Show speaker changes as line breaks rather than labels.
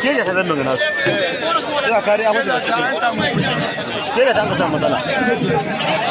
ke ya kadan nan nasu ya kare a masa ke da ta samu matsala